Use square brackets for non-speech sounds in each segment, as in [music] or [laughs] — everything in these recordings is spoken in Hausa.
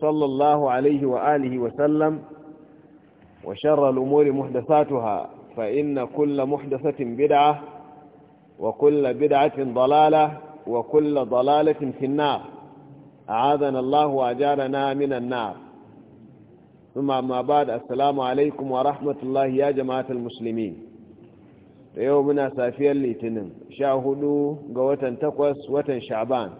صلى الله عليه وآله وسلم وشر الأمور محدثاتها فإن كل محدثة بدعة وكل بدعة ضلالة وكل ضلالة في النار أعاذنا الله وأجارنا من النار ثم ما بعد السلام عليكم ورحمة الله يا جماعة المسلمين يومنا سافيا لتنم شاهدوا قوة تقوس وتن شعبان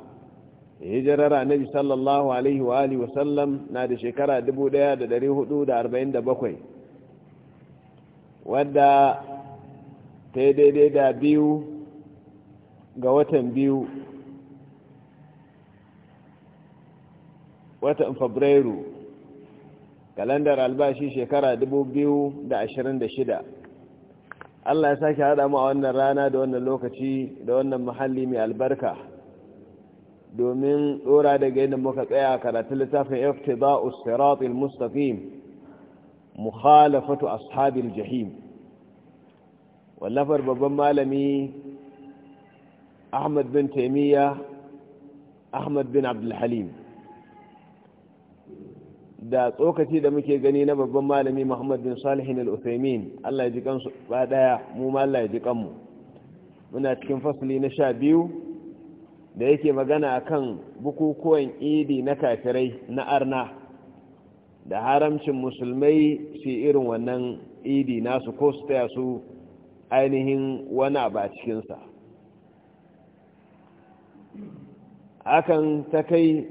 hijirar annabi sallallahu alaihi wa alihi wasallam na da shekara 1447 wadda ta yi daidai da biyu ga watan biyu watan fabrairu kalandar albashi shekara 2026 Allah ya sake haɗa mu a wannan rana da wannan lokaci da wannan muhalli mai albarka domin dora daga yadda muka tsaya karatun littafin iftida'u siratul mustaqim muhalafatu ashabil jahim wallafar babban malami ahmad bin taimiyya ahmad bin abdulhalim da tsokaci da muke gani na babban malami muhammad bin salihin al-uthaymin allah ya ji kansu ba daya mu ma allah ya ji kanmu muna cikin fasli na sha biyu da yake magana a kan bukukuwan idi na kafirai na arna da haramcin musulmai shi irin wannan idi nasu ko su taya su ainihin wani ba cikinsa Hakan ta kai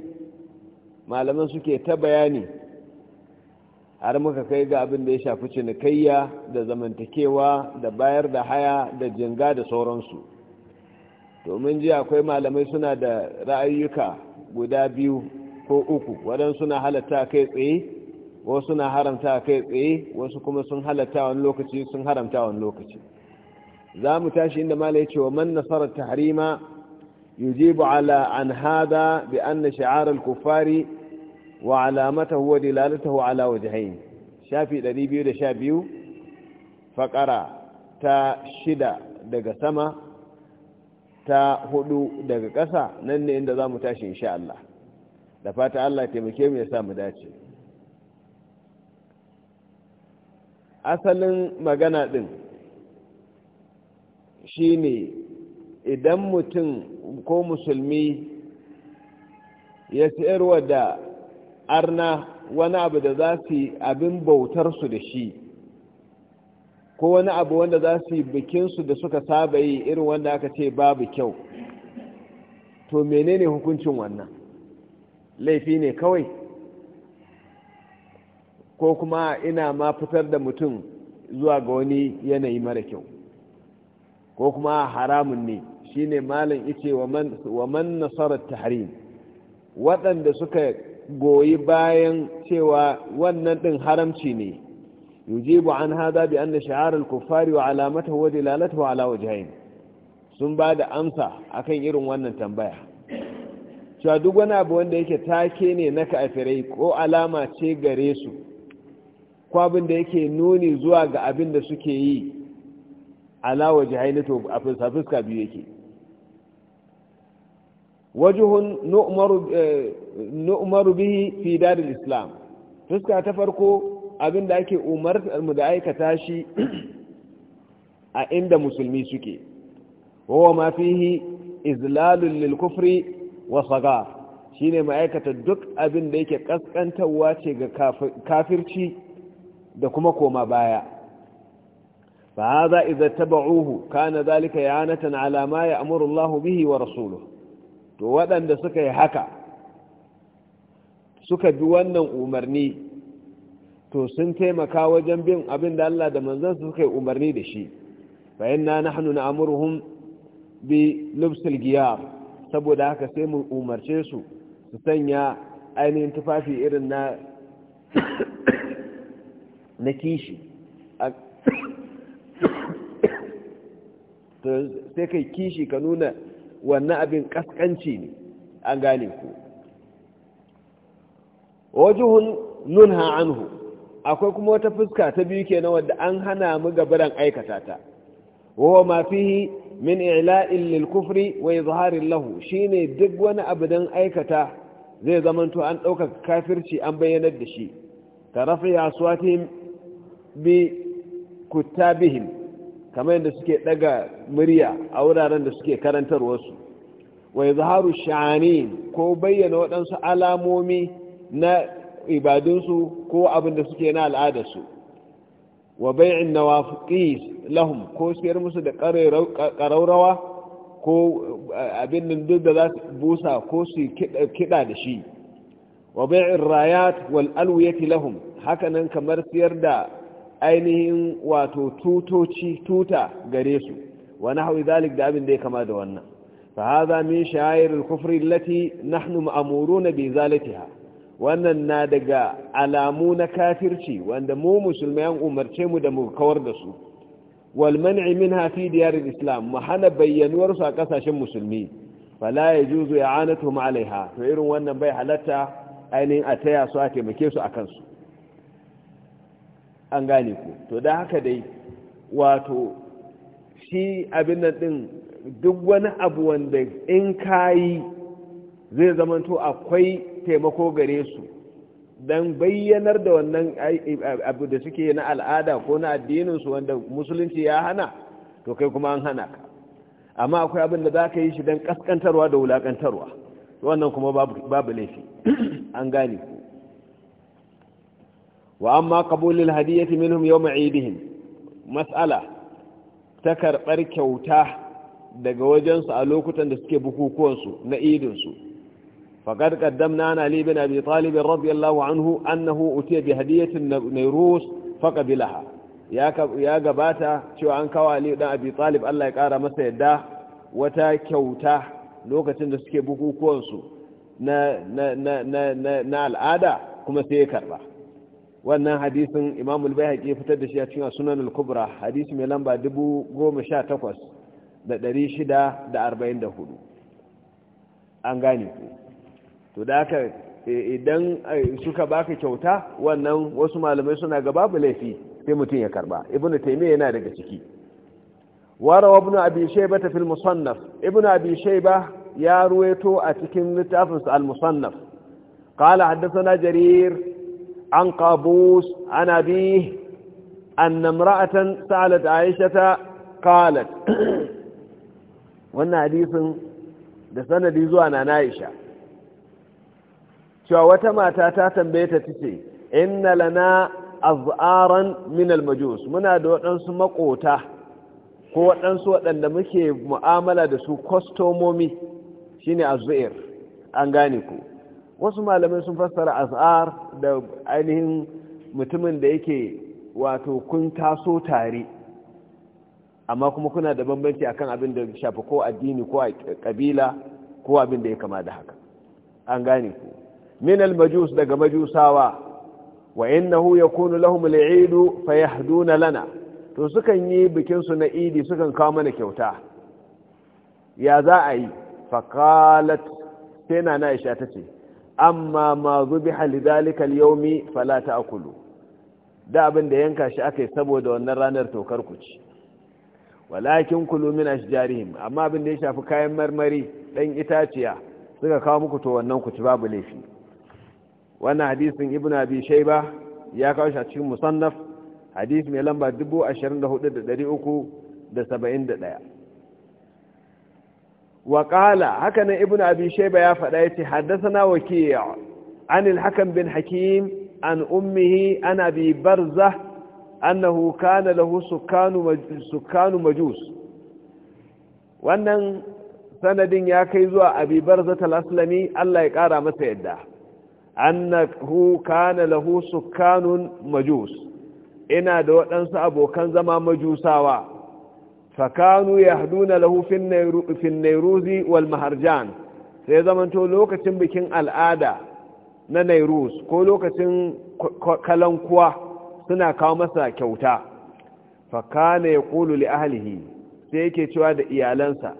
malaman suke ta bayani har muka kai ga abin da ya shafi cinikayya da zamantakewa da bayar da haya da jinga da sauransu domin ji akwai malamai suna da ra'ayyuka guda biyu ko uku waɗansu suna halatta kai tsaye wasu suna haramta kai tsaye wasu kuma sun halatta wani lokaci sun haramta wani lokaci za mu tashi inda malai ce wa man nasarar tahrima yujibu ala an hada bi anna shi'ar al-kuffari wa alamatahu wa dilalatahu ala wajhayn shafi 212 faqara ta shida daga sama ta hudu daga ƙasa nan ne inda za mu tashi insha Allah da fata Allah taimake mu ya sa mu dace asalin magana din shine idan mutum ko musulmi ya sayarwa da arna wani abu da za su yi abin bautarsu da shi ko wani abu wanda za su yi bikinsu da suka saba yi irin wanda aka ce babu kyau to menene hukuncin wannan laifi ne kawai ko kuma ina ma fitar da mutum zuwa ga wani yanayi mara kyau ko kuma haramun ne shi shine malin ice wa man nasarar tahrim waɗanda suka goyi bayan cewa wannan ɗin haramci ne يجيب an هذا bi شعار الكفار وعلامته ودلالته على وجهين sun ba da amsa akan irin wannan tambaya cewa duk wani abu wanda yake take ne na kafirai ko alama ce gare su ko abin da yake nuni zuwa ga abin da suke yi ala wajhayn to a fuska biyu yake وجه nu'umaru bihi fi dadin islam fuska ta farko. abin da ake umartar mu da aikata shi [clears throat] a inda musulmi suke wawa ma fihi izlalun lil kufri wa sagar shine ma'aikata duk abin da yake kaskantarwa ce ga kafirci da kuma koma baya fa hadha idza tabauhu kana zalika yanatan ala alama ya Allah bihi wa rasuluhu to waɗanda suka yi haka suka bi wannan umarni to sun taimaka wajen bin abin da Allah da su suka yi umarni da shi bayan na nahnu na'muruhum bi lubsul giyar saboda haka sai mu umarce su su sanya ainihin tufafi irin na na kishi sai kai kishi ka nuna wannan abin kaskanci ne an gane ku wajuhun nunha anhu akwai kuma wata fuska ta biyu kenan wadda an hana mu gabaran aikata ta wa ma fihi min i'la'in lil kufri wa izharin lahu shine duk wani abu dan aikata zai zamanto an dauka kafirci an bayyanar da shi ka rafi aswatihim bi bihin kamar yadda suke daga murya a wuraren da suke wasu wa izharu sha'anin ko bayyana waɗansu alamomi na ibadunsu ko abin da suke na al'adarsu wa bai'in lahum ko siyar musu da ƙaraurawa ko eh, abin duk da za su busa ko su kiɗa da shi wa bai'in rayat wal alwiyati lahum hakanan kamar siyar da ainihin wato tutoci tuta gare su wa nahwi zalik da abin da ya kama da wannan fa hadha min Lati kufri allati nahnu ma'muruna bi zalatiha wannan na daga alamu na kafirci wanda mu musulmai an umarce mu da mu kawar da su wal man'i minha fi yarin islam mu hana bayyanuwar su a kasashen musulmi fala yajuzu i'anatuhum alaiha to irin wannan bai halatta ainihin a taya su a taimake su akan su an gane ku to da haka dai wato shi abin nan din duk wani abu wanda in kayi zai zamanto akwai taimako gare su don bayyanar da wannan abu da suke na al'ada ko na addininsu wanda musulunci ya hana to kai kuma an hana ka amma akwai abin da za ka yi shi don kaskantarwa da wulakantarwa wannan kuma babu laifi [clears throat] an gane ku wa amma qabulul hadiyati minhum yawm eidihim mas'ala ta karbar kyauta daga wajensu a lokutan da suke bukukuwansu na idinsu فقد قدمنا عن علي بن أبي طالب رضي الله عنه أنه أتي بهدية نيروس فقبلها يا قباتا شو عن كوالي بن أبي طالب الله يقار مسيدا وتا كوتا لوكة نسكي بكوكوانسو na, نا na, na, na, na al'ada kuma sai ya karba wannan hadisin imam al-bayhaqi ya fitar da shi a cikin sunan al-kubra hadisi mai lamba 18644 an gane ku to da aka e, idan e, suka baka kyauta wannan wasu malamai suna ga babu laifi sai mutum ya karba ibnu taymi yana daga ciki warawa ibnu abi shayba ta fil musannaf ibnu abi shayba ya ruwaito a cikin littafin sa al musannaf qala haddathana jarir an qabus an abi an imra'atan sa'alat aisha qalat [clears throat] wannan hadisin da sanadi zuwa na Aisha cewa wata mata ta tambaye ta tace inna lana az'aran min al-majus muna da waɗansu makota ko waɗansu waɗanda muke mu'amala da su kwastomomi shine az'ir an gane ku wasu malamai sun fassara az'ar da ainihin mutumin da yake wato kun taso tare amma kuma kuna da bambanci akan abin da shafi ko addini ko kabila ko abin da ya kama da haka an gane ku Minal al-majus daga majusawa wa innahu yakunu lahum al-eid fa lana to sukan yi bikin su na idi sukan kawo mana kyauta ya za a yi fa qalat sai na Aisha tace amma ma zubiha lidhalika al-yawmi fala ta'kulu da abin da yanka shi akai saboda wannan ranar tokar ku ci walakin kulu min ashjarihim amma abin da ya shafi kayan marmari dan itaciya suka kawo muku to wannan ku ci babu laifi wannan hadisin ibn abi ya kawo shi a cikin musannaf hadis mai lamba 24371 wa qala haka nan ibn abi ya faɗa yace haddathana waki' an al-hakim bin hakim an ummihi an abi barzah annahu kana lahu sukanu sukkanu majus wannan sanadin ya kai zuwa abi barzah al-aslami Allah ya kara masa yadda annahu kana lahu sukkanun majus ina da waɗansu abokan zama majusawa fakanu yahduna lahu fi nairuzi wal maharjan sai zamanto lokacin bikin al'ada na nairus ko lokacin kalankuwa suna kawo masa kyauta fakana ya yaqulu li ahlihi sai yake cewa da iyalansa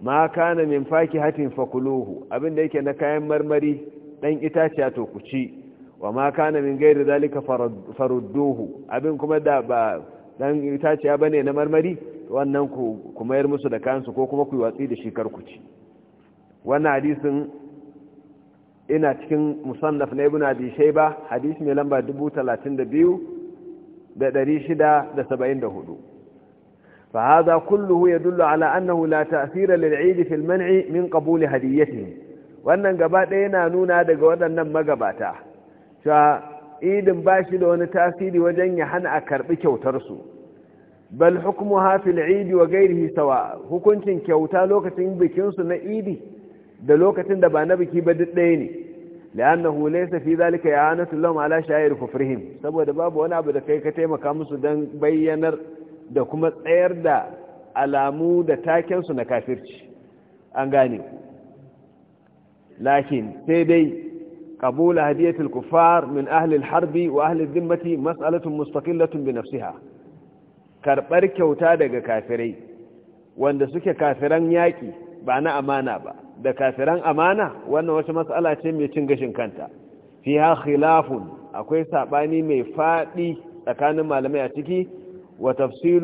ma kana min faki hatin fakuluhu abinda yake na kayan marmari ɗan itaciya to ku ci wa ma kana min gairi zalika farudduhu abin kuma da ba ɗan itaciya ba ne na marmari wannan ku mayar musu da kansu ko kuma ku yi watsi da shi kar ku ci wannan hadisin ina cikin musannaf na ibn abi shayba hadisi mai lamba 32674 fa hadha kulluhu yadullu ala annahu la ta'thira lil'id fil fi al-man'i min qabul hadiyatihi wannan gaba ɗaya yana nuna daga waɗannan magabata cewa idin ba shi da wani tasiri wajen ya hana a karɓi kyautarsu bal hukumu hafil idi wa gairihi hisawa, hukuncin kyauta lokacin bikinsu na idi da lokacin da ba na biki ba duk ɗaya ne لأنه zalika ya hana su لهم ala shayar كفرهم saboda babu wani abu da kai ka taimaka musu don bayyanar da kuma tsayar da alamu da takensu na kafirci an gane Lakin sai لكن سيدي قبول هدية الكفار من أهل الحرب وأهل الذمة مسألة مستقلة بنفسها karɓar kyauta daga kafirai wanda suke kafiran yaƙi ba na amana ba da kafiran amana wannan wata matsala ce mai cin gashin kanta Fiha khilafun akwai saɓani mai faɗi tsakanin malamai a ciki wa tafsil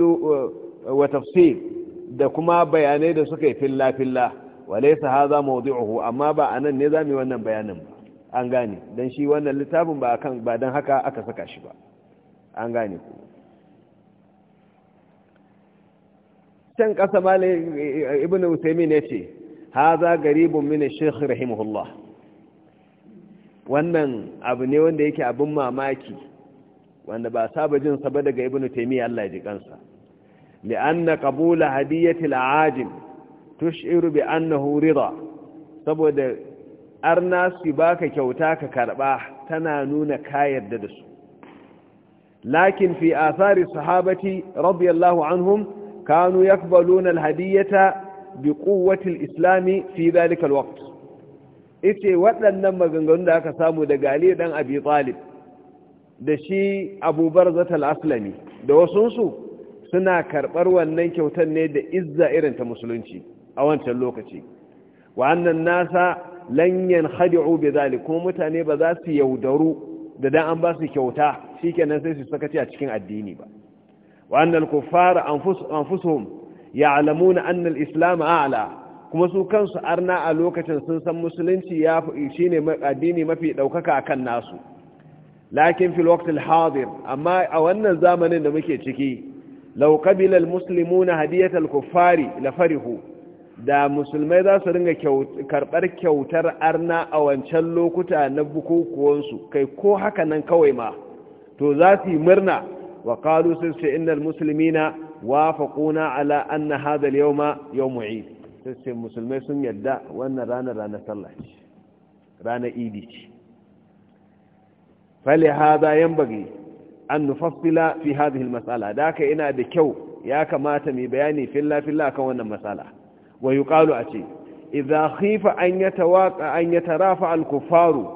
da kuma bayanai da suka yi filla-filla walaysa haza mawdi'uhu amma ba anan ne zamu wannan bayanin ba an gane dan shi wannan littafin ba akan ba dan haka aka saka shi ba an gane ku can kasa mali Ibnu usaimin yace ce haza garibun mini sheikh rahimahullah wannan abu ne wanda yake abin mamaki wanda ba saba jin saba daga Ibnu taimiyya Allah ji kansa li'anna qabula hadiyati al'ajil tushiru bi annahu rida saboda arna su baka kyauta ka karba tana nuna ka da su lakin fi athari sahabati radiyallahu anhum kanu yakbaluna alhadiyata bi quwwati alislami fi dhalika alwaqt ite waɗannan maganganun da aka samu daga Ali dan Abi Talib da shi Abu Barzat al-Aslami da wasunsu suna karɓar wannan kyautar ne da izza irin ta musulunci a wancan lokaci wa nasa nasa lan yankhadi'u zali kuma mutane ba za su yaudaru da dan an ba su kyauta shikenan sai su sakaci a cikin addini ba wa annal kuffara anfusuhum ya'lamuna anna al-islam a'la kuma su kansu arna a lokacin sun san musulunci ya shine addini mafi daukaka akan nasu lakin fil waqtil hadir amma a wannan zamanin da muke ciki law qabila al-muslimuna hadiyatal kuffari la farihu da musulmai za su ringa karɓar kyautar arna a wancan lokuta na bukukuwansu kai ko haka nan kawai ma to za su yi murna wa kalu sun ce innal musulmina wafaquna ala anna hadha al-yawma yawm sun ce musulmai sun yadda wannan ranar ranar sallah ce ranar idi ce fali yan yanbaghi an nufassila fi hadhihi al da ina da kyau ya kamata mu bayani filla filla kan wannan matsala. wa yuqalu a خيف idza khifa an yatawaqa an yatarafa al kuffaru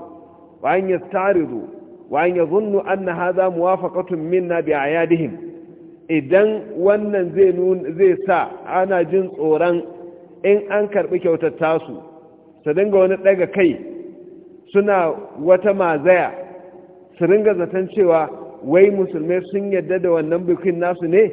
idan wannan zai zai sa ana jin tsoron in an karbi kyautar tasu su dinga wani daga kai suna wata mazaya su ringa zaton cewa wai musulmai sun yadda da wannan bikin nasu ne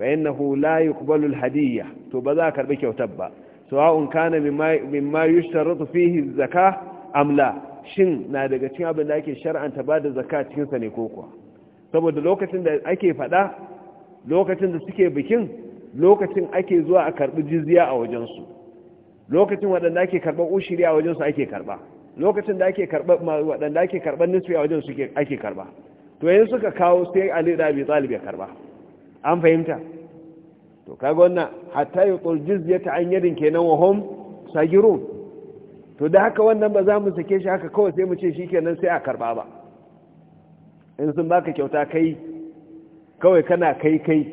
fa innahu la yuqbalu al-hadiyya to ba za a karbi kyautar ba sawa'un kana mimma yushtaratu fihi zakah am la shin na daga cikin abin da ake shar'anta ba da zakka cikin sa ne ko kuwa saboda lokacin da ake fada lokacin da suke bikin lokacin ake zuwa a karbi jizya a wajen su lokacin waɗanda ake karɓar ushiri a wajen su ake karba lokacin da ake karɓar waɗanda ake karɓar nisfi a wajen su ake karba to yayin suka kawo sai Ali da Abi Talib ya karba. an fahimta to kaga wannan hatta yi jizyata an yadin kenan wa hom sagirun to da haka wannan ba za mu sake shi haka kawai sai mu ce shi kenan sai a karba ba in sun baka kyauta kai kawai kana kai kai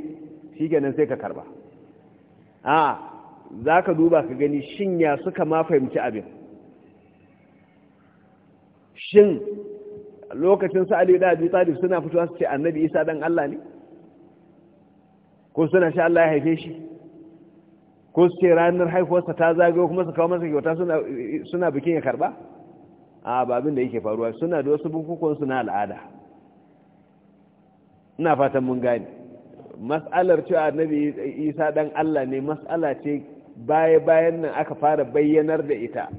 shi kenan sai ka karba a za ka duba ka gani shin ya suka ma fahimci abin shin lokacin sa'adu da abu talib suna fitowa su ce annabi isa dan allah ne ko suna shi Allah ya haife shi ko su ce ranar haifuwarsa ta zagayo kuma su kawo masa kyauta suna bikin ya karba a babin da yake faruwa suna da wasu bukukuwan suna al'ada ina fatan mun gane mas'alar cewa annabi isa dan Allah ne mas'ala ce baya bayan nan aka fara bayyanar da ita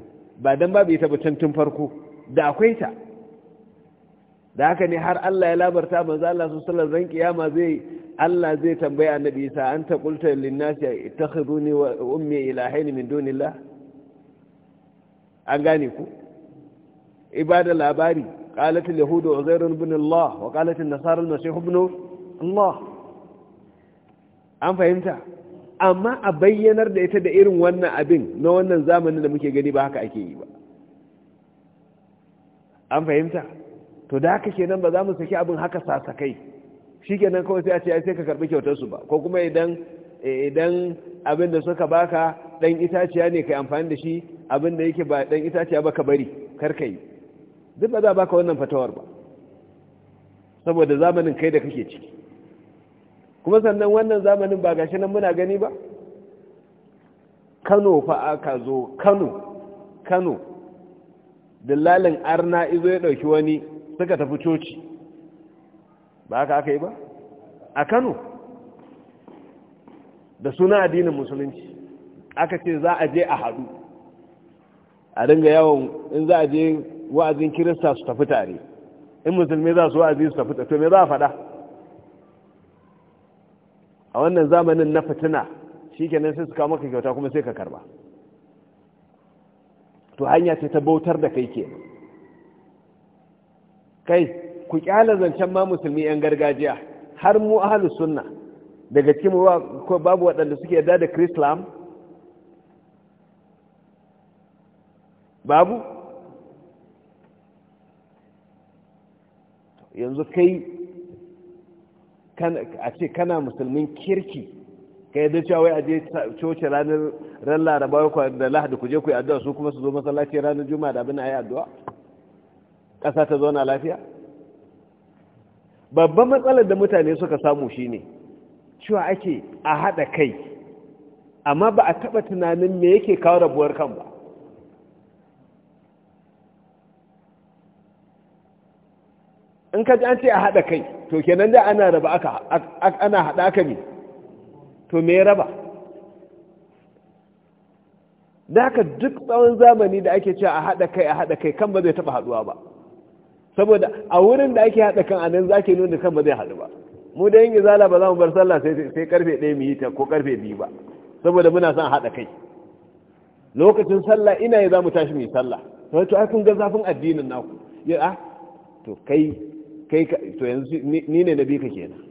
ba dan babu ita ba tun farko da akwai ta da haka ne har Allah ya labarta manzo Allah su sallar zan kiyama zai Allah zai tambaya annabi Isa an ta qulta lin nasi ittakhiduni wa ummi ilahaini min dunillah an gane ku ibada labari qalat al yahud uzair ibn Allah wa qalat an nasara al masih ibn Allah an fahimta amma a bayyanar da ita da irin wannan abin na wannan zamanin da muke gani ba haka ake yi ba an fahimta to da haka kenan ba za mu saki abin haka sasakai shi kenan kawai sai a ce sai ka karbi su ba ko kuma idan idan abin da suka baka dan itaciya ne kai amfani da shi abin da yake ba dan itaciya ba ka bari kar ka duk ba za baka wannan fatawar ba saboda zamanin kai da kake ciki kuma sannan wannan zamanin ba gashi nan muna gani ba kano fa aka zo kano kano dillalin arna izo ya ɗauki wani suka tafi coci ba haka aka yi ba a kano da suna addinin musulunci aka ce za a je a haɗu a dinga yawon in za a je wa'azin kirista su tafi tare in musulmi za su wa'azi su tafi tare to me za a faɗa a wannan zamanin na fitina shi kenan sai su kawo maka kyauta kuma sai ka karba to hanya ce ta bautar da kai ke. kai ku kyala zancen ma musulmi 'yan gargajiya har mu ahalus sunna daga cikin babu waɗanda suke yarda da krislam babu yanzu kai a ce kana musulmin kirki ka yadda cewa wai je coci ranar ran laraba da lahadi ku je ku yi addu'a su kuma su zo masallaci ranar juma'a da abin a yi addu'a ƙasa ta zauna lafiya babban matsalar da mutane suka samu shine cewa ake a haɗa kai amma ba a taɓa tunanin me yake kawo rabuwar kan ba in ka an ce a haɗa kai to kenan da ana raba aka ana haɗa aka ne to me raba da haka duk tsawon zamani da ake cewa a haɗa kai a haɗa kai kan ba zai taɓa haɗuwa ba saboda a wurin da ake haɗa kan anan zaki nuna kan ba zai haɗu ba mu da yin izala ba za mu bar sallah sai karfe ɗaya mu yi ta ko karfe biyu ba saboda muna son haɗa kai lokacin sallah ina yi za mu tashi mu yi sallah to ai kun ga zafin addinin naku ya a ah, to kai kai to yanzu ni ne nabi ka kenan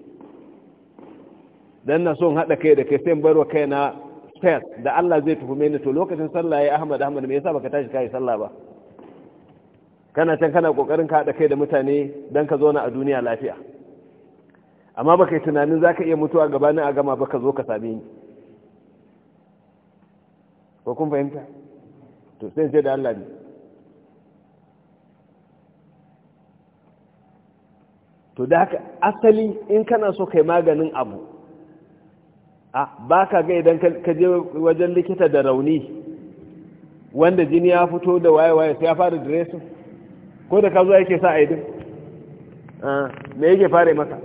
dan na son haɗa kai da kai sai barwa kaina space da Allah zai tuhume ni to lokacin sallah ya Ahmad Ahmad me yasa baka tashi kai sallah ba kana can kana kokarin ka haɗa kai da mutane don ka zauna a duniya lafiya amma ba kai tunanin za ka iya mutuwa gabanin a gama ka zo ka same ni ko kun fahimta to sai sai da Allah ne to da haka asali in kana so kai maganin abu a ba ka ga idan ka je wajen likita da rauni wanda jini ya fito da waye-waye sai ya fara dressing ko da ka zo yake sa aidin ah, me yake fara maka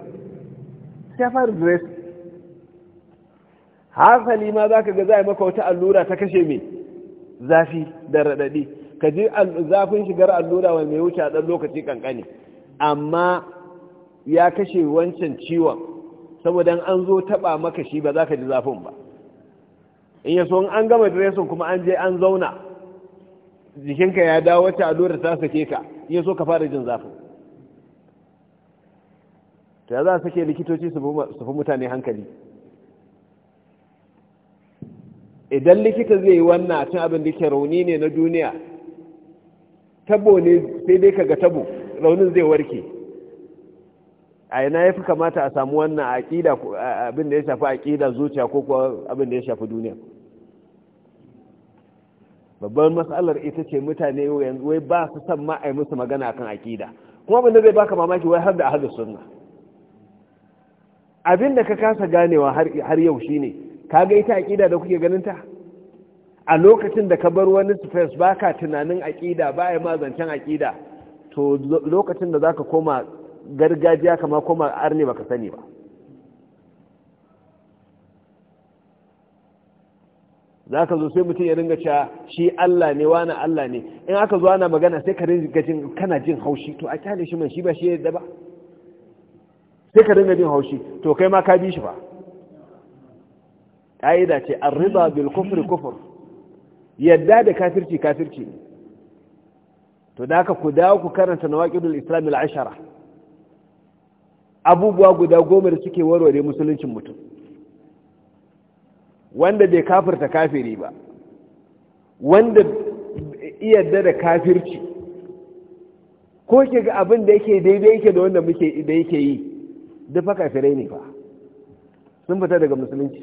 sai fara dress hasali ma za ka ga za a maka wata allura ta kashe mai zafi da raɗaɗi ka ji zafin shigar allura wani mai wuce a ɗan lokaci ƙanƙani amma ya kashe wancan ciwon saboda an zo taɓa maka shi ba za ka ji zafin ba in yaso an gama diresin kuma an je an zauna jikinka ya dawo wata allura ta sake ka ya so ka fara jin zafin ta za su ke likitoci su fi mutane hankali idan likita zai yi wannan a cin abin da ke rauni ne na duniya tabo ne sai dai kaga tabo raunin zai warke a yana ya fi kamata a samu wannan abin da ya shafi aƙida zuciya ko kuwa abin da ya shafi duniya babban matsalar ita ce mutane yanzu wai ba su san ma musu magana kan akida kuma abinda zai baka mamaki wai har da ahlus sunna abin da ka kasa ganewa har yau shine ga ita akida da kuke ganin ta a lokacin da ka bar wani space baka tunanin akida ba a yi mazancen akida to lokacin da za ka koma gargajiya kama koma arne ka sani ba za ka zo sai mutum ya ringa cewa shi Allah ne wani Allah ne in aka zo ana magana sai ka ringa jin kana jin haushi to a kyale shi man shi ba shi yadda ba sai ka ringa jin haushi to kai ma ka bi shi ba ƙa'ida ce arriba bil kufr kufr yadda da kafirci kafirci ne to da ka ku dawo ku karanta nawaqidul islam ashara abubuwa guda goma da suke warware musuluncin mutum wanda bai kafirta kafiri ba wanda iyadda da kafirci ko ke ga abin da yake daidai yake da wanda muke da yake yi duk fa kafirai ne fa sun fita daga musulunci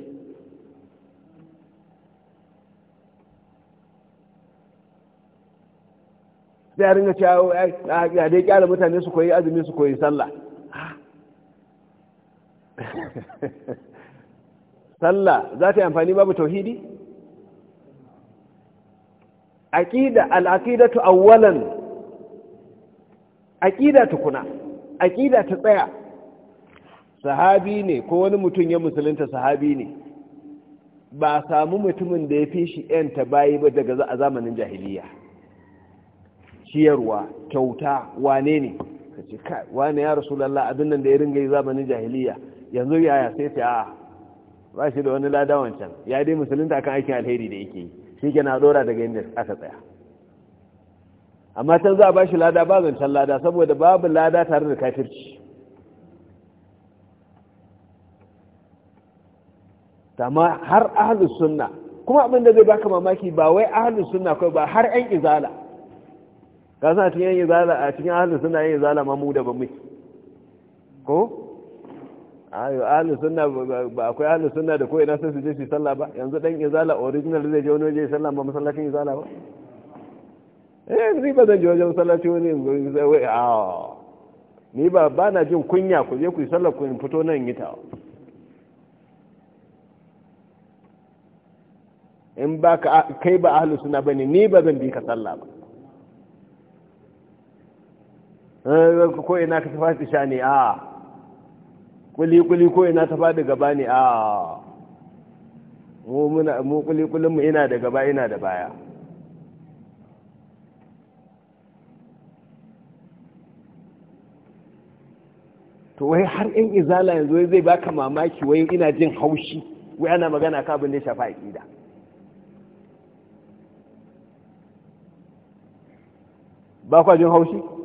sai a ringa cewa a dai kyala mutane su koyi azumi su koyi sallah ah. [laughs] sallah za ta yi amfani babu tauhidi aqida al-aqidatu awwalan aqida tukuna aqida ta tsaya sahabi ne ko wani mutum ya musulunta sahabi ne ba samu mutumin da ya fi shi ‘yanta bayi ba daga a zamanin jahiliya ciyarwa kyauta wane ne ka ce wane ya rasu lalla abin nan da ya ringa yi zamanin jahiliya yanzu yaya sai ta a ba shi da wani lada wancan ya dai musulunta kan aikin alheri da yake yi shi ke na dora daga inda aka tsaya amma can za a ba shi lada ba zancen lada saboda babu lada tare da kafirci amma har ahalus sunna kuma abin zai baka mamaki ba wai ahalus sunna kawai ba har yan izala ka san a cikin a cikin ahalus sunna yan izala ma mu da ba muke ko ayo ahlus akwai ahlus sunna da koyi na sai su je su sallah ba yanzu dan izala original zai je wani waje sallah ba masallacin izala ba eh ni ba zan je wajen masallaci wani zai wai a ah. ni ba ba na jin kunya ku je ku yi sallah ku fito nan yi ta in ba ka kai ba ahlus ba ne ni ba zan bi ka sallah ba eh, ko ina ka tafi shani a ah. kuli-kuli ko ina ta faɗi gaba ne a mu kuli mu ina da gaba ina da baya to wai har in izala yanzu wai zai baka mamaki wai ina jin haushi wai ana magana ka abin da ya shafa aƙida ba kwa jin haushi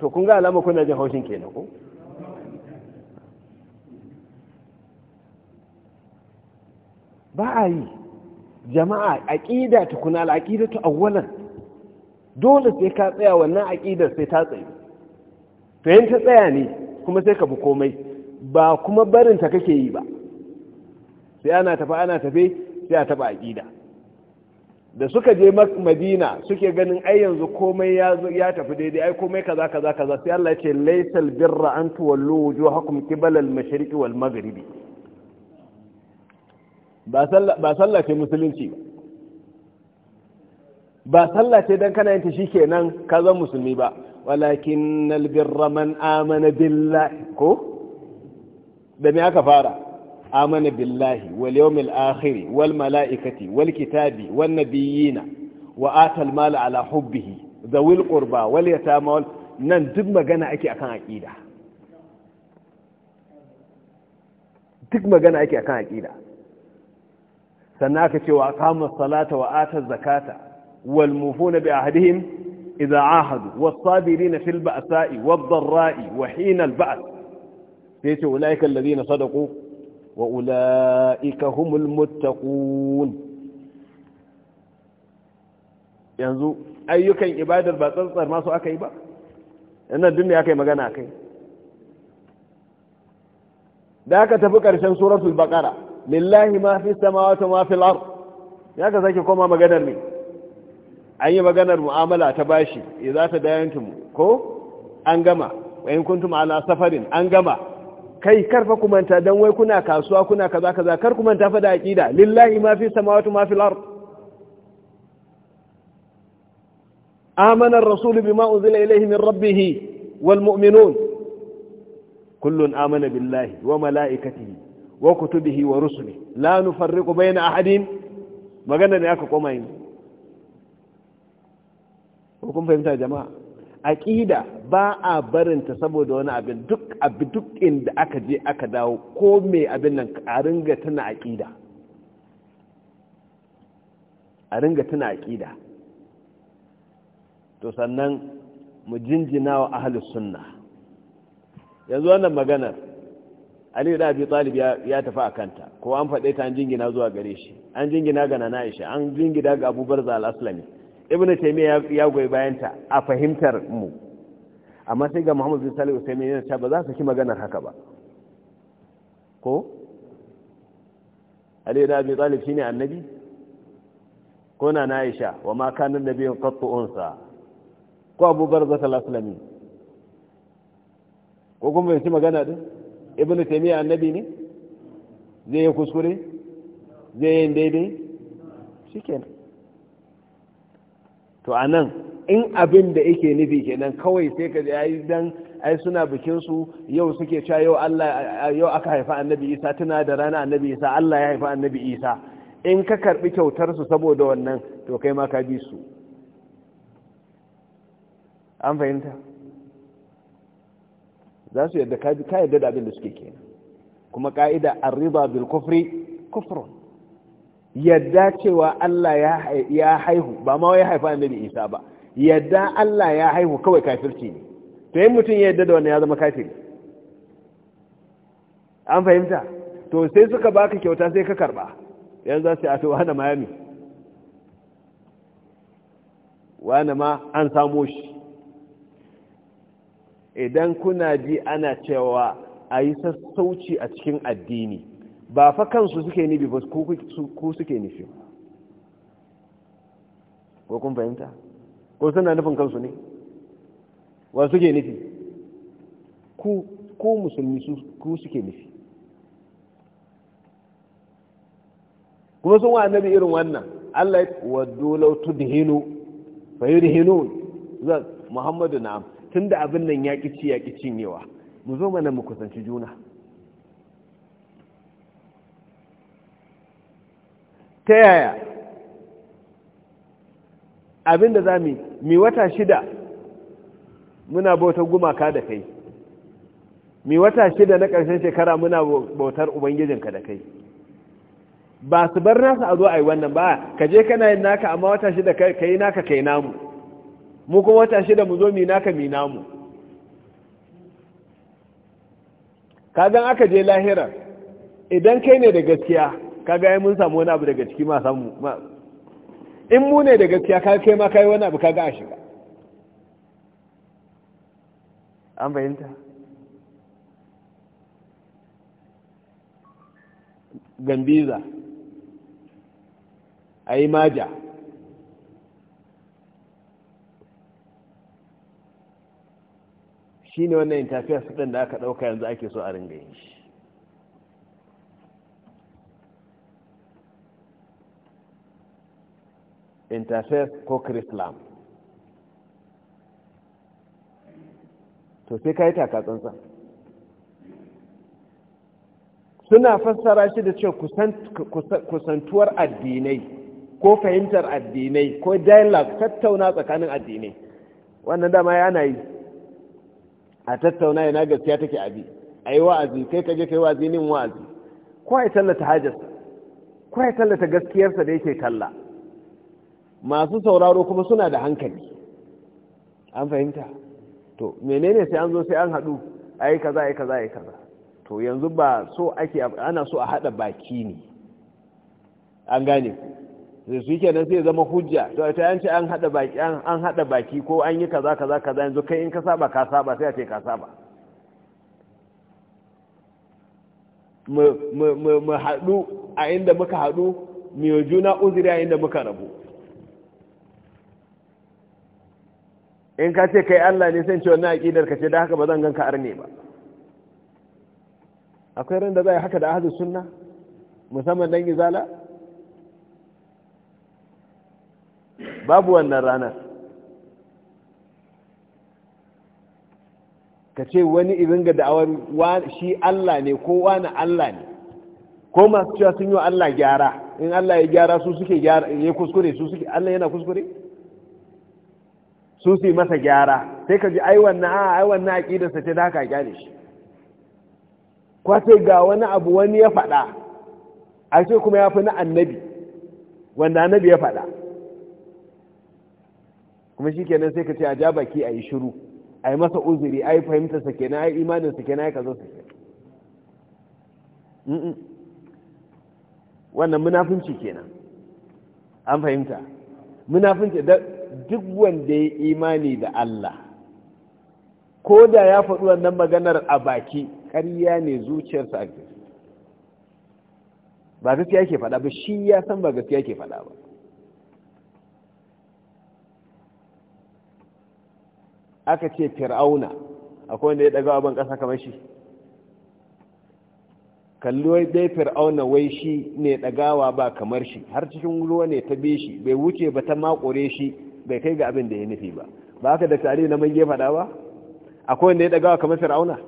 to kun ga alama kuna jin haushin kenan ko ba a yi jama'a aqida tukuna ƙida ta awwalan dole sai ka tsaya wannan aqidar sai ta tsaye to yin ta tsaya ne kuma sai ka bi komai ba kuma barin ta kake yi ba sai ana tafi ana tafe sai a taba aqida da suka je madina suke ganin ai yanzu komai ya tafi daidai ai komai kaza kaza kaza sai Allah ya ce laysal birra an tuwallu wujuhakum qibala al-mashriqi wal maghribi ba sallah ba sallah ce musulunci ba sallah ce dan kana yanta shikenan ka zama musulmi ba walakin al-birra man amana billahi ko da me aka fara آمن بالله واليوم الآخر والملائكة والكتاب والنبيين وآت المال على حبه ذوي القربى واليتامى ننتج مجانا أكي أكان أكيدا تج مجانا أكي أكان أكيدا سناك شو أقام الصلاة وآت الزكاة والموفون بعهدهم إذا عاهدوا والصابرين في البأساء والضراء وحين البأس فيتي أولئك الذين صدقوا wa’ula’ika humul mutakun yanzu ayyukan ibadar ba tsantsar masu aka yi ba yanar dinne aka yi magana aka yi da aka tafi ƙarshen suratul baƙara lillahi ma fi samawata ya ka sake koma maganar ne an yi maganar mu'amala ta bashi ya za ta dayantinmu ko an gama wa yin kuntum ala safarin an gama kai karfa ku manta dan wai kuna kasuwa kuna kaza kaza kar kumanta manta fa da aqida lillahi ma fi samawati ma fil ard amana ar-rasul bima unzila ilayhi min rabbih wal mu'minun kullun amana billahi wa malaikatihi wa kutubihi wa rusulihi la nufarriqu bayna ahadin magana ne aka koma yin ko kun fahimta jama'a aqida ba a barinta saboda wani abin duk abu duk inda aka je aka dawo ko mai abin nan a ringa tana aƙida a ringa tana aƙida to sannan mu jinjina wa ahalus sunna yanzu wannan maganar ali da abi talib ya tafi a kanta ko an faɗe ta an jingina zuwa gare shi an jingina ga nana aisha an jingina ga abubuwar za al-aslami ibnu taymiya ya goyi bayanta a fahimtar mu amma sai ga muhammadu bin salih usaimi yana cewa ba za su ki maganar haka ba ko ali da abi talib shine annabi ko na aisha wa ma kana nabiyyun qattu unsa ko abu barza al ko kuma bai ci magana din ibnu taymiya annabi ne zai yi kuskure zai yi daidai shikenan to a nan in abin da yake nufi kenan kawai sai ka yi dan ai suna bikin su yau suke cewa yau Allah yau aka haifa annabi Isa tuna da rana annabi Isa Allah ya haifa annabi Isa in ka karbi kyautar su saboda wannan to kai ma ka bi su an fahimta za su yadda ka ka yadda da abin da suke kenan kuma ka'ida arriba bil kufri kufrun yadda cewa Allah ya haihu ba ma ya haifa annabi Isa ba yadda Allah ya haihu kawai kafirci ne to yin mutum yadda da wannan ya zama kafiri an fahimta to sai suka baka kyauta sai ka karba yanzu za su yi ato wani miami wani ma an samo shi idan kuna ji ana cewa a yi sassauci a cikin addini ba fa kansu suke nufi ba ku suke nufi ko kun fahimta ko suna nufin kansu ne wa suke nufi ku ko musulmi ku suke nufi kuma sun wa annabi irin wannan Allah ya waddu law tudhinu fa yudhinun za Muhammadu na'am tunda abin nan ya kici ya kicin yawa mu zo mana mu kusanci juna ta yaya abinda za mu yi wata shida muna bautar gumaka da kai mi wata shida na ƙarshen shekara muna bautar ubangijinka da kai ba su bar nasa a zo a yi wannan ba ka je kana yin naka amma wata shida ka yi naka ka yi namu mu kuma wata shida mu zo mi naka mi namu kagan aka je lahirar idan kai ne da gaskiya kaga yi mun samu wani abu daga ciki ma samu in mu ne da gaskiya ka kai ma kai wani abu kaga a shiga an bayanta gambiza a yi maja shi ne wannan interface ɗin da aka ɗauka yanzu ake so a ringa yin shi interfaith ko chrislam to sai ka yi takatsantsa suna fassara shi da cewa kusantuwar addinai ko fahimtar addinai ko dialogue tattauna tsakanin addinai wannan dama yana yi a tattauna yana gaskiya take abi a yi wa'azi kai kaje kai wa'azi nin wa'azi ko ya tallata hajjarsa ko ya tallata gaskiyarsa da yake kalla? masu sauraro kuma suna da hankali an fahimta to menene sai an zo sai an haɗu yi kaza yi kaza yi kaza to yanzu ba so ake ana so a haɗa baki ne an gane Sai su yi nan sai zama hujja to a ce an haɗa baki an haɗa baki ko an yi kaza kaza kaza yanzu kai in ka saba ka saba sai a ce ka saba mu haɗu a inda muka haɗu mu juna uzuri a inda muka rabu in ka ce kai Allah ne sai ce wannan aqidar ka ce da haka ba zan ganka arne ba akwai ran da zai haka da ahlus sunna musamman dan izala babu wannan ranar ka ce wani irin ga da'awar shi Allah ne ko wani Allah ne ko masu cewa sun yi Allah gyara in Allah ya gyara su suke gyara ya kuskure su suke Allah yana kuskure su su masa gyara sai ka ji ai wannan a ai wannan aqidarsa ce da haka gyare shi kwace ga wani abu wani ya faɗa a ce kuma ya fi na annabi wanda annabi ya faɗa kuma shi kenan sai ka ce a ja baki a yi shiru a yi masa uzuri a yi fahimtarsa kenan a yi imaninsa kenan ya ka zo su kenan wannan munafunci kenan an fahimta munafunci duk wanda ya imani da Allah ko da ya faɗi wannan maganar a baki ƙarya ne zuciyarsa a ba gaskiya ke faɗa ba shi ya san ba gaskiya ke faɗa ba aka ce fir'auna akwai wanda ya ɗaga abin ƙasa kamar shi kalli dai fir'auna wai shi ne ɗagawa ba kamar shi har cikin ruwa ne ta be shi bai wuce ba ta makure shi bai kai ga abin da ya nufi ba ba haka da tare na mange faɗa ba akwai wanda ya ɗagawa kamar fir'auna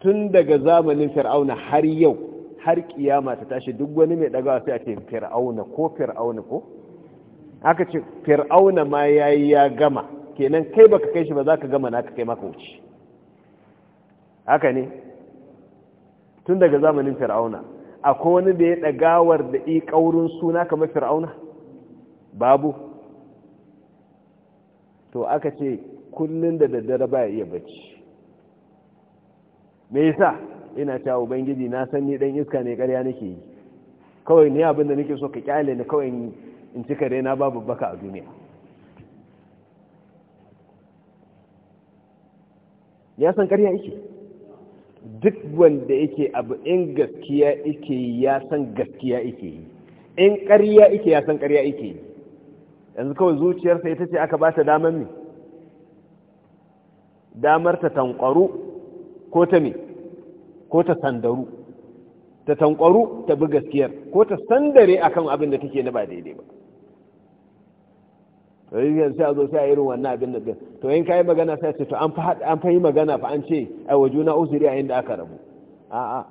tun daga zamanin fir'auna har yau har kiyama ta tashi duk wani mai ɗagawa sai a ce fir'auna ko fir'auna ko aka ce fir'auna ma ya yi ya gama kenan kai baka kai shi ba za ka gama na ka kai maka wuce haka ne tun daga zamanin fir'auna akwai wani da ya ɗagawar da i ƙaurin suna kamar fir'auna babu to aka ce kullum da daddare ba iya bacci me yasa ina cewa ubangiji na san ni dan iska ne ƙarya nake yi kawai ni abin da nake so ka kyale ni kawai in cika raina babu baka a duniya ya san ƙarya yake duk wanda yake abu in gaskiya yake yi ya san gaskiya yake yi in ƙarya yake ya san ƙarya yake yi yanzu kawai zuciyarsa ita ce aka ba ta damar mi damar ta tankwaru ko ta mi ko ta sandaru ta tankwaru ta bi gaskiyar ko ta sandare akan abin da take na ba daidai ba rijiyar sai a zo sai a irin wannan abin da ɗin to yin kayi yi magana sai ce to an fahimta magana fa an ce a wa juna uzuri a inda aka rabu a'a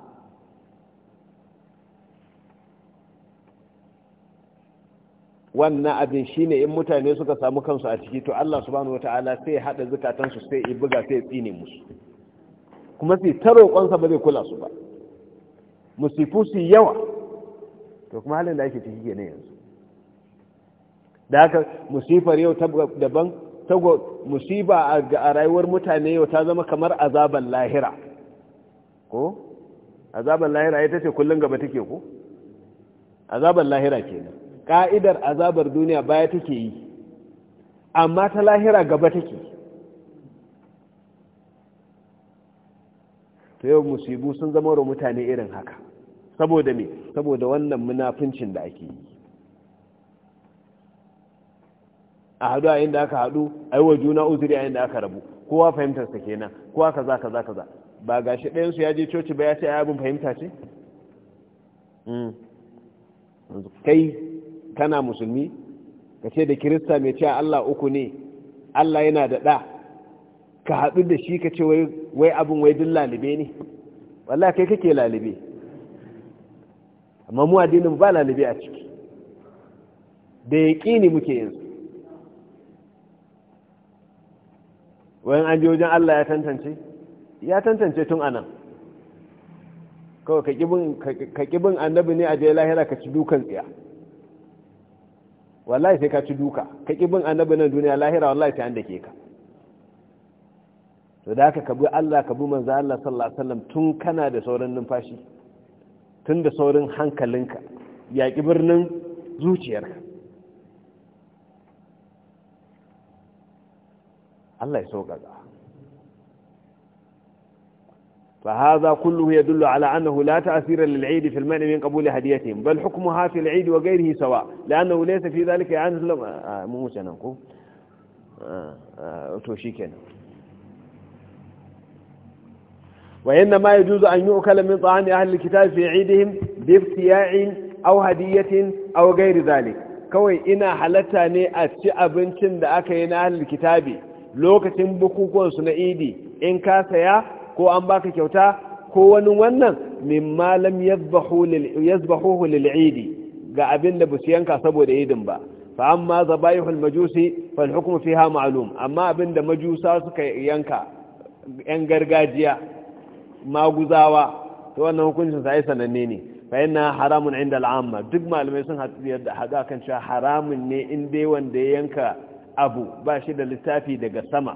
wannan abin shine in mutane suka samu kansu a ciki to Allah subhanahu wataala sai hada zukatansu sai ya buga sai ya tsine musu kuma sai ta roƙonsa ba zai kula su ba musifu su yawa to kuma halin da ake ciki kenan yanzu da haka musifar yau ta daban ta musiba a rayuwar mutane yau ta zama kamar azaban lahira ko azaban lahira ita ce kullum gaba take ko azaban lahira kenan ka'idar azabar duniya baya take yi amma ta lahira gaba take ta yau musibu sun zama wa mutane irin haka saboda me saboda wannan munafincin da ake yi a hadu a inda aka hadu aiwa juna uzuri a inda aka rabu kowa fahimtarsa kenan kowa kaza kaza kaza ba gashi ɗayansu ya je coci ba ya ce yabin fahimta ce hmm. kai kana musulmi ka ce da kirista mai cewa Allah uku ne Allah yana da ɗa ka haɗu da shi ka ce wai abin wai duk lalibe ne wallah kai kake lalibe amma mu addinin ba lalibe a ciki da ne muke yin wayan an wajen Allah ya tantance ya tantance tun anan kawai ka ƙibin annabi ne a je lahira ka ci dukan tsiya wallahi sai ka ci duka ka ki bin annabi nan duniya lahira wallahi sai an dake ka to da haka ka bi Allah ka bi manzo Allah sallallahu alaihi wasallam tun kana da saurin numfashi tun da saurin hankalinka ya ki birnin zuciyarka Allah ya sauƙaƙa فهذا كله يدل على أنه لا تأثير للعيد في المنع من قبول هديتهم بل حكمها في العيد وغيره سواء لأنه ليس في ذلك يعني مو سننكو آه، توشيكنا وإنما يجوز أن يؤكل من طعام أهل الكتاب في عيدهم بابتياع أو هدية أو غير ذلك كوي إنا حلتاني ني أتشي أكينا أهل الكتاب لوكتن بكوكو سنعيدي إن كاسيا ko an baka kyauta ko wani wannan min malam yazbahuhu lil idi ga abin da busu yanka saboda idin ba fa amma zabaihul majusi fal hukmu fiha ma'lum amma abin da majusa suka yanka yan gargajiya maguzawa to wannan hukuncin sai sananne ne fa yana haramun inda al'amma duk malamai sun hada kan cewa haramun ne in dai wanda yanka abu ba shi da littafi daga sama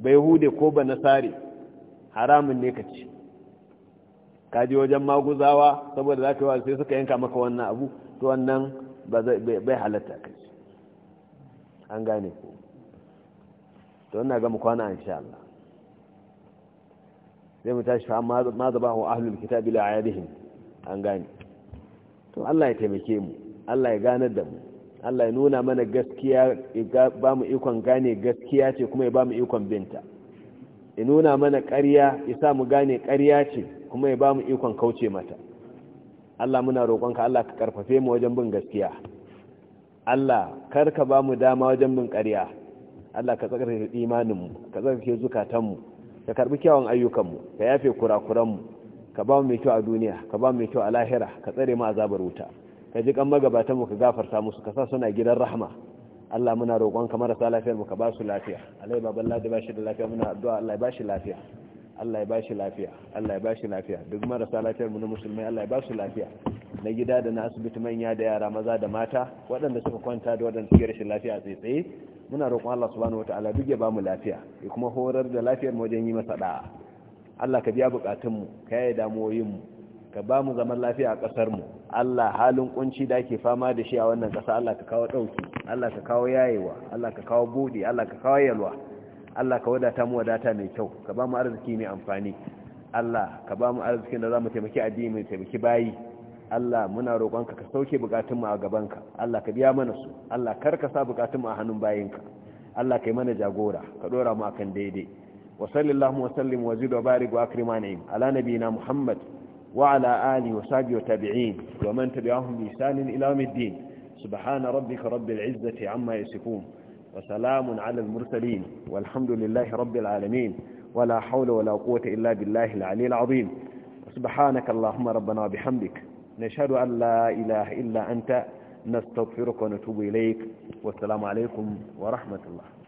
bai hude ko ba nasari haramun ne ka ci ka ji wajen maguzawa saboda za ka yi sai suka yanka maka wannan abu to wannan bai halatta ka ci an gane ku to wannan gama kwana sha Allah zai mu tashi fa ma zaba wa ahlul bila a yadihin an gane to Allah ya taimake mu Allah ya ganar da mu Allah ya nuna mana gaskiya ba mu ikon gane gaskiya ce kuma ya ba mu ikon binta ya nuna mana ƙarya ya sa mu gane ƙarya ce kuma ya ba mu ikon kauce mata Allah muna roƙonka Allah ka karfafe mu wajen bin gaskiya Allah kar ka ba mu dama wajen bin ƙarya Allah ka tsarkake imaninmu ka tsarkake zukatanmu ka karbi kyawun ayyukanmu ka yafe kurakuranmu ka ba mu mai kyau a duniya ka ba mu mai kyau a lahira ka tsare mu azabar wuta ka ji kan magabatanmu ka gafarta musu ka sa suna gidan rahama. Allah muna roƙon kamar marasa lafiyar mu ka ba su lafiya Allah ya baban ladi ba shi da lafiya muna addu'a Allah ya ba shi lafiya Allah ya bashi lafiya Allah ya ba lafiya duk marasa lafiyar mu na musulmai Allah ya ba su lafiya na gida da na asibiti manya da yara maza da mata waɗanda suka kwanta da waɗanda suke rashin lafiya tsaye muna roƙon Allah subhanahu wataala duk ya ba mu lafiya ya kuma horar da lafiyar mu wajen yi masa da'a Allah ka biya bukatun mu ka yaye damuwoyin mu ka ba mu zaman lafiya a ƙasar mu Allah halin kunci da ake fama da shi a wannan ƙasa Allah ka kawo ɗauki Allah ka kawo yayewa Allah ka kawo buɗi. Allah ka kawo yalwa Allah ka wadata mu wadata mai kyau ka ba mu arziki mai amfani Allah ka ba mu arziki da za mu taimaki addini mai taimaki bayi Allah muna roƙonka ka sauke mu a gabanka Allah ka biya mana su Allah kar ka sa mu a hannun bayinka Allah kai mana jagora ka ɗora mu akan daidai wa sallallahu wa sallim wa zid wa barik wa akrimani ala nabina muhammad وعلى آله وصحبه وتابعين ومن تبعهم بإحسان إلى يوم الدين سبحان ربك رب العزة عما يصفون وسلام على المرسلين والحمد لله رب العالمين ولا حول ولا قوة إلا بالله العلي العظيم سبحانك اللهم ربنا وبحمدك نشهد أن لا إله إلا أنت نستغفرك ونتوب إليك والسلام عليكم ورحمة الله